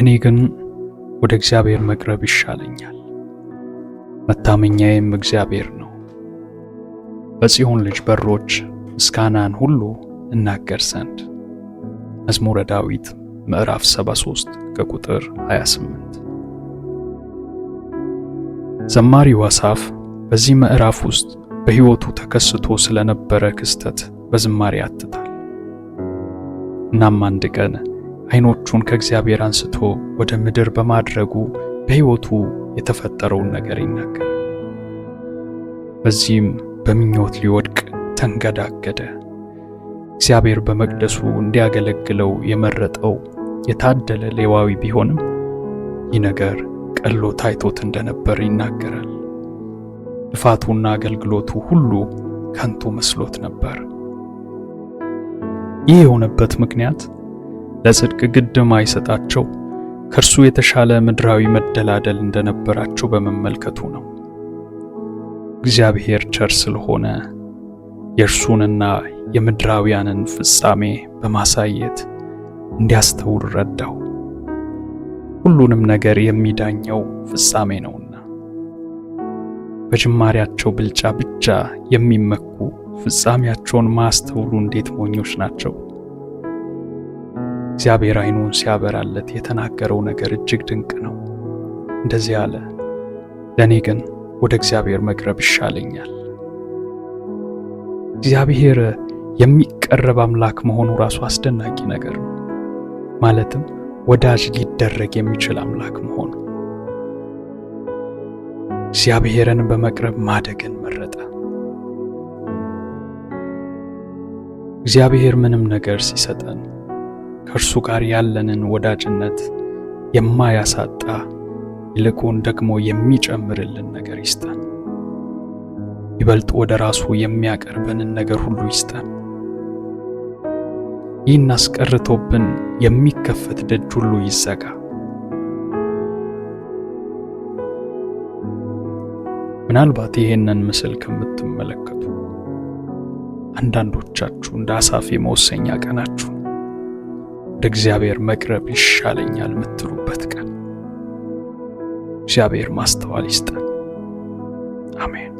እኔ ግን ወደ እግዚአብሔር መቅረብ ይሻለኛል፣ መታመኛዬም እግዚአብሔር ነው። በጽዮን ልጅ በሮች ምስጋናን ሁሉ እናገር ዘንድ መዝሙረ ዳዊት ምዕራፍ 73 ከቁጥር 28። ዘማሪው አሳፍ በዚህ ምዕራፍ ውስጥ በሕይወቱ ተከስቶ ስለነበረ ክስተት በዝማሬ ያትታል። እናም አንድ ቀን ዓይኖቹን ከእግዚአብሔር አንስቶ ወደ ምድር በማድረጉ በሕይወቱ የተፈጠረውን ነገር ይናገር። በዚህም በምኞት ሊወድቅ ተንገዳገደ። እግዚአብሔር በመቅደሱ እንዲያገለግለው የመረጠው የታደለ ሌዋዊ ቢሆንም ይህ ነገር ቀሎ ታይቶት እንደነበር ይናገራል። ልፋቱና አገልግሎቱ ሁሉ ከንቱ መስሎት ነበር። ይህ የሆነበት ምክንያት ለጽድቅ ግድ ማይሰጣቸው ከእርሱ የተሻለ ምድራዊ መደላደል እንደነበራቸው በመመልከቱ ነው። እግዚአብሔር ቸር ስለሆነ የእርሱንና የምድራውያንን ፍጻሜ በማሳየት እንዲያስተውል ረዳው። ሁሉንም ነገር የሚዳኘው ፍጻሜ ነውና በጅማሬያቸው ብልጫ ብቻ የሚመኩ ፍጻሜያቸውን ማያስተውሉ እንዴት ሞኞች ናቸው! እግዚአብሔር ዓይኑን ሲያበራለት የተናገረው ነገር እጅግ ድንቅ ነው። እንደዚህ አለ፣ ለእኔ ግን ወደ እግዚአብሔር መቅረብ ይሻለኛል። እግዚአብሔር የሚቀረብ አምላክ መሆኑ ራሱ አስደናቂ ነገር ነው። ማለትም ወዳጅ ሊደረግ የሚችል አምላክ መሆኑ። እግዚአብሔርን በመቅረብ ማደግን መረጠ። እግዚአብሔር ምንም ነገር ሲሰጠን ከእርሱ ጋር ያለንን ወዳጅነት የማያሳጣ ይልቁን ደግሞ የሚጨምርልን ነገር ይስጠን። ይበልጥ ወደ ራሱ የሚያቀርበንን ነገር ሁሉ ይስጠን። ይህን አስቀርቶብን የሚከፈት ደጅ ሁሉ ይዘጋ። ምናልባት ይሄንን ምስል ከምትመለከቱ አንዳንዶቻችሁ እንደ አሳፊ መወሰኛ ቀናችሁ ወደ እግዚአብሔር መቅረብ ይሻለኛል የምትሉበት ቀን እግዚአብሔር ማስተዋል ይስጠን። አሜን።